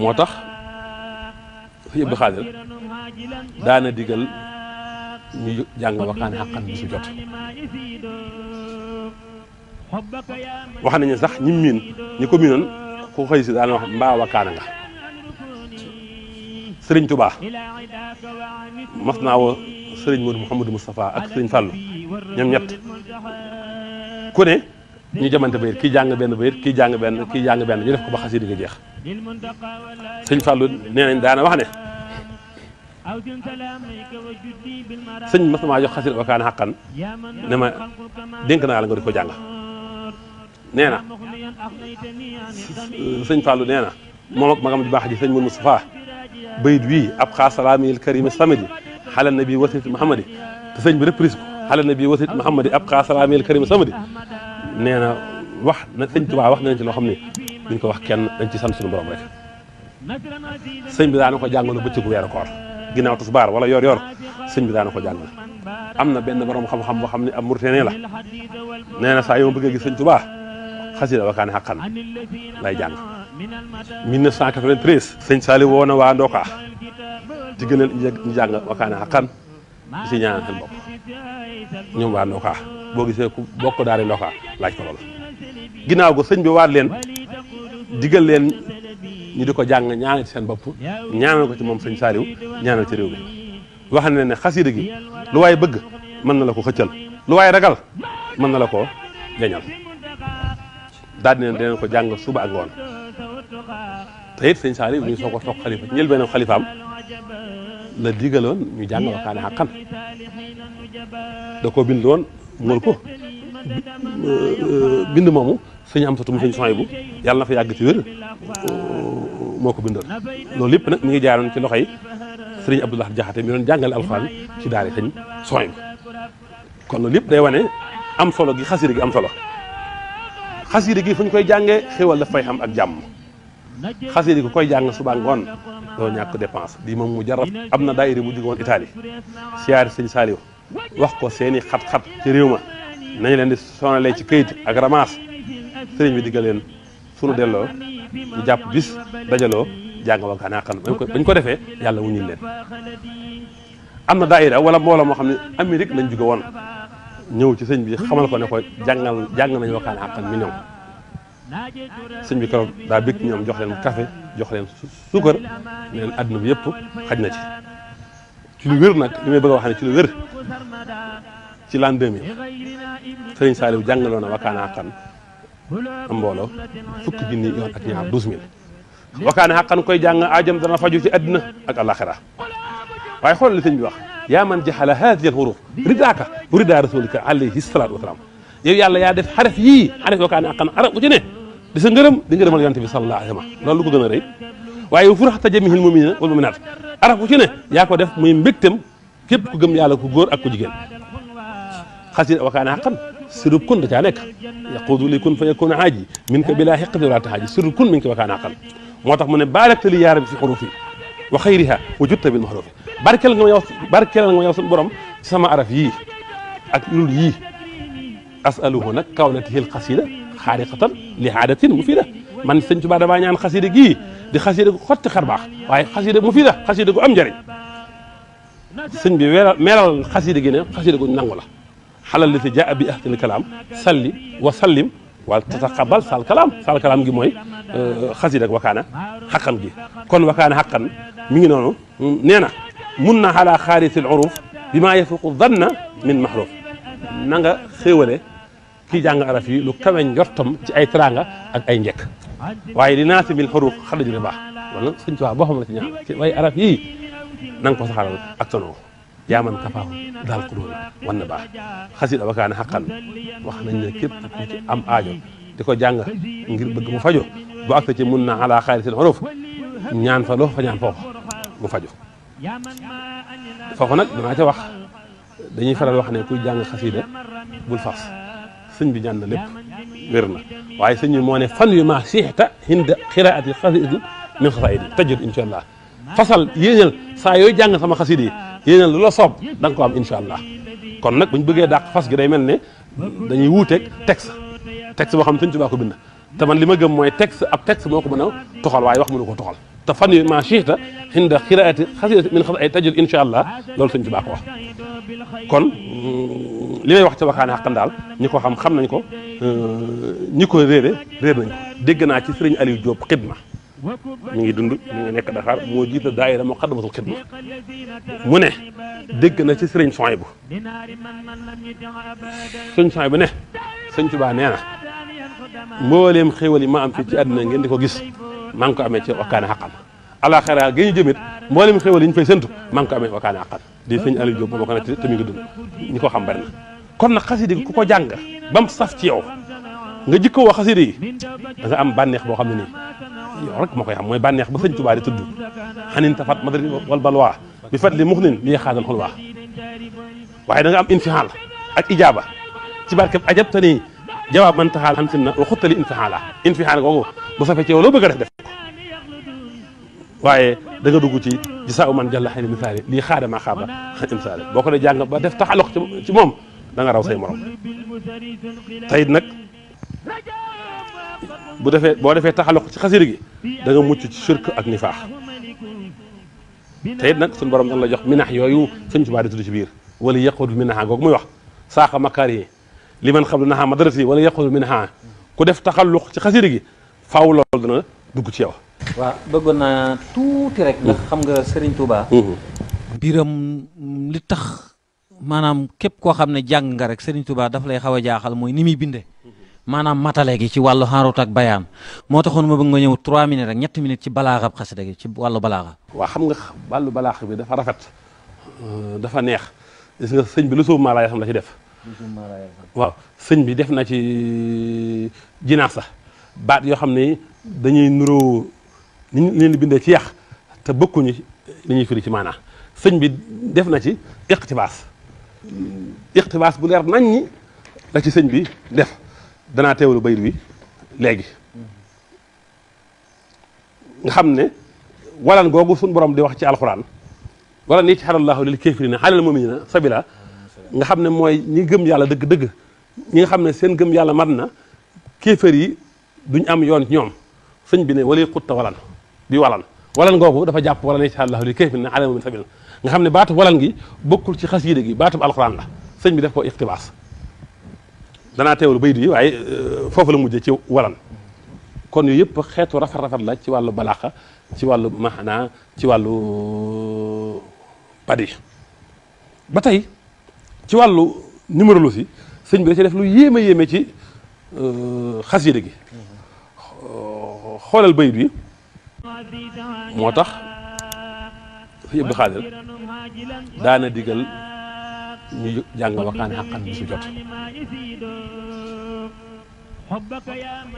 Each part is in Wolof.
moo tax fi Abdou Khadir daana digal ñu jàng waxaan xaqan bi su jot wax nañu sax ñi miin ñi ko miinoon ku xëy si daana wax mbaa nga sëriñ Touba mas naa woo sëriñ Modou Mouhamadou Moustapha ak sëriñ Fallou ñoom ñett ku ñu jamante bayit kii jàng benn bayit kii jàng benn kii jàng benn ñu def ko ba xasida gi jeex sëñ Fallou nee nañ daana wax ne sëñ mas maa jox xasida wakaana xaqan ne ma dénk naa la nga di ko jàng nee na sëñ Fallou nee na moom ak magam ju baax ji sëñ mun Moustapha bayit wii ab xaa salaamil karimi samedi xale na bii wasit Muhammadi te sëñ bi reprise ko xale na bii wasit Muhammadi ab xaa salaamil karimi samedi nee wah, wax na sëñ Tuubaa wax nañ ci loo xam ne duñ ko wax kenn dañ ci sant suñu borom rek sëñ bi ko koor wala yor yor sëñ bi daana ko jàngal am na benn borom xam-xam boo xam ne am murteenee la nee na saa yoo bëggee gis sëñ Tuubaa xasida wakaane xaqan lay jàng 1993 sëñ Saali woo na Ndoka di gënal Ndoka boo gisee ku bokk daari loka laaj ko loolu ginnaaw go sëñ bi waat leen digal leen ñu di ko jàng ñaanal ci seen bopp ñaanal ko ci moom sëñ Saaliw ñaanal ci réew mi wax na ne xasida gi lu waaye bëgg mën na la ko xëccal lu waaye ragal mën na la ko jañal daal di ne ko jàng suba ak ngoon te sëñ Saaliw ñu soo ko toog xalifa ñël beneen xalifaam la digaloon ñu jàng waxtaane xaqan da ko mën ko euh, bind moomu sëñ Amsatu mu sëñ Suhaybu yàlla na fa yàgg ci euh, moo ko bindal loolu yëpp nag mi ngi jaaroon ci loxoy sëriñ Abdoulaye Jaxate mi doon jàngale alxuraan ci daari sëñ Suhaybu kon loolu yëpp day wane am solo gi xasida gi am solo xasida gi fu ñu koy jàngee xéwal daf fay am ak jàmm xasida gi koy jàng suba ngoon doo ñàkk dépense lii moom mu jarab am na daayira bu jógoon Italie siyaare sëñ Saaliw wax ko seeni xat-xat ci réew ma nañu leen di sonalee ci kayit ak ramaas sëriñ bi digga leen sunu delloo ñu jàpp bis dajaloo jàng wakkaa naa xam bañ ko defee yàlla wuñul leen am na daayira wala mbooloo moo xam ne Amérique lañ jóge woon ñëw ci sëñ bi xamal ko ne ko jàngal jàng nañ wakkaa naa xam million sëñ bi keroog daa bëgg ñoom jox leen kafe jox leen suukar ne leen àdduna bi yëpp xaj na ci ci lu wér nag li may bëgg a wax ne ci lu wér ci l'an 2000 Serigne Saliou jàngaloon na wakkaana xaqan am mbooloo fukki junni yoon ak ñaar douze mille wakkaana xaqan koy jàng aajam dana faju ci àddina ak alaxira waaye xool li sëñ bi wax yaa man jaxala haadihi al huruf ridaaka bu ridaa rasulika alayhi salaatu wasalaam yow yàlla yaa def xaref yii xaref wakkaana xaqan arab bu ci ne di sa ngërëm di ngërëmal yonte bi sallallahu alayhi wa sallam loolu lu ko gën a rëy waaye fu raxta jamihil muminina wal muminat araf bu ci ne ya ko def muy mbektem kep ku gëm yàlla ku gor ak ku jigéen wa kana haqqan sirub kun da caa nekk yaquudu li kun fayakun haji minka bila haqqi bilaa ta haji tahaaji kun minka wa kana haqqan motax mune barak li yaram fi khurufi wa khayriha wujut bil mahruf barkel nga yow barkel nga yow sun borom sama araf yi ak lul yi asaluhu nak kawnatihi l xasida xaariqatan li hadatin mufida man señtu Tuubaa ñaan khasida gi di ko xott xarbax waaye xasida mu fi la xasida gu am njëriñ sëñ bi melal xasida gi ne xasida gu nangu la xalal li te jaa bi ahtil kalaam salli wa sallim wal tataqabal sal kalaam sal kalaam gi mooy xasida ak wakaana xaqan gi kon wakaana xaqan mi ngi noonu nee na mun na ala xaarisil uruf bi maa yafuqu danna min mahruf na nga xéewale kii jàng araf yi lu kawe njortam ci ay teraanga ak ay njekk waaye li naasi min xuruf xadaj ribaa loolu nag sëñ Tuubaa boo xam la ci ñaan way arab yii na ko saxaral ak sonoo yaaman kafaahu daal ko doon wax nañ ne képp ku ci am aajo di ko jàng ngir bëgg mu fajo bu ak ci mun na ala xayri seen xuruf ñaan fa loo fa mu fajo foofu nag danaa ci wax dañuy faral wax ne kuy jàng xasida bul fas sëñ bi ñaan na lépp wér na waaye sëñ bi moo fan yu ma siixta hinda xiraati xasida min xasaayid yi tajjud incha allah fasal yéenal saa yooy jàng sama xasida yi yéenal lu la soob da ko am incha allah kon nag bu ñu bëggee dàq fas gi day mel ne dañuy wuuteeg texte texte boo xam ne Sëñ Tuubaa ko bind te man li ma gëm mooy texte ab texte moo ko mën a toxal waaye wax mënu ko toxal te fan yi maa siita xinda xiraati xasida min xasaayid tajjud incha allah loolu Sëñ Tuubaa ko wax kon mm, li wax ca waxaane xaqan daal ñi ko xam xam nañ ko euh, ñi ko réere réer nañ dégg naa ci sëriñ Aliou Diop xidma mu ngi dund mi ngi nekk Dakar moo jiite daayira mu xaddamatul xidma mu ne dégg na ci sëriñ sony bu sëriñ sony bu ne sëñ Tuubaa nee na mbooleem xéwal yi ma am fii ci àddina ngeen di ko gis maa ngi ko amee ci wakkaane xaqam alaxira gi ñu jëmit mbooleem xéwal yi ñu fay séntu maa ngi ko amee wakkaane xaqam di sëñ Aliou Diop boobu ko ne ngi dund ñi ko xam bari kon nag xasida gi ku ko jàng bam saf ci yow nga jikko woo xasida yi am bànneex boo xam ne nii يورك مخي هم يبانيخ بسنج تباري تدو حنين تفات مدري والبلوا بفات لي مخنين لي خادم خلوا واحد عم انفعال الإجابة تبارك أجبتني جواب من تحال هم سنة وخط لي انفعالا انفعال قوه بس في تيولو بقدر ده واي دعوة دعوتي جساء من جل حين مثال لي خادم أخابا مثال بقول جانغ بدفتح لك تمام دعارة وسيمرام تايد طيب نك Thank you. bu defee boo defee taxaluk ci xasida gi da nga mucc ci shirk ak nifaax te it nag suñu borom dañ la jox minax yooyu sëñ Tuubaa di tudd ci biir wala yaqud minaha googu muy wax saaqa makaar yi li man xam naha madrasi wala yaqud minaha ku def taxaluk ci xasida gi faaw loolu dana dugg ci yow. waaw bëggoon naa tuuti rek. ndax xam nga Serigne Touba. biram li tax maanaam képp koo xam ne jàng nga rek Serigne Touba daf lay xaw a jaaxal mooy ni muy bindee. manam matale gi ci walu harout ak bayan mo taxone mo bëgg nga ñëw 3 minutes ak ñetti minutes ci balaaxab xasida gi ci walu balaaxa wa xam nga walu balaaxa bi dafa rafet dafa neex gis nga sëñ bi lu soob malaay xam la ci def wa sëñ bi def na ci jinaas la baat yo xamni dañuy nuro ni leen bindé ci yàq te bëkku ñu li ñuy firi ci maanaa sëñ bi def na ci iqtibas iqtibas bu leer nañ ñi la ci sëñ bi def danaa teewlu bayit bi léegi nga xam ne walan googu suñu borom di wax ci alxuraan wala ni ci xarallaahu lil kaafiriina alal mu'miniina sabila nga xam ne mooy ñi gëm yàlla dëgg-dëgg ñi nga xam ne seen gëm yàlla mat na kéefër yi duñ am yoon ñoom sëñ bi ne wala xutta walan di walan walan googu dafa jàpp wala ni ci xarallaahu lil kaafiriina alal mu'miniina sabila nga xam ne baatu walan gi bokkul ci xasiida gi baatub alxuraan la sëñ bi def ko iqtibaas danaa teewlu baydu yi waaye euh, foofu la mujjee ci walan kon yooyu yëpp xeetu rafet rafet la ci wàllu balaaxa ci wàllu maxnaa ci wàllu badi euh, ba tey ci wàllu numérologie sëñ bi da ci def lu yéeme yéeme ci euh, xasida gi xoolal bay yi moo tax fi Abdu Xaadir daana digal ñu jàng xaqan bi su jot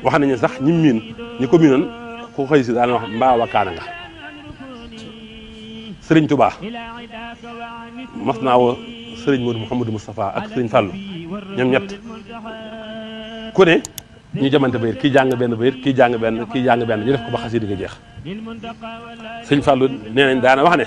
wax nañu sax ñi miin ñi ko miinoon ku xëy si daan wax mbaa wakkaana nga sëriñ Touba mas naa woo sëriñ Modou Mouhamadou Moustapha ak sëriñ Fallou ñoom ñett ku ne ñu jamante bayit kii jàng benn bayit kii jàng benn kii jàng benn ñu def ko ba xasida ga jeex sëriñ Fallou nee nañ daana